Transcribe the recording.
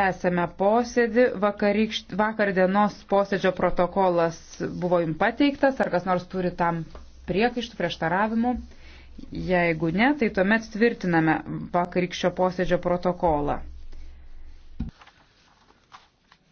Esame posėdį, Vakarykšt, vakar dienos posėdžio protokolas buvo jums pateiktas, ar kas nors turi tam priekaištų, prieštaravimų. Jeigu ne, tai tuomet tvirtiname vakarykščio posėdžio protokolą.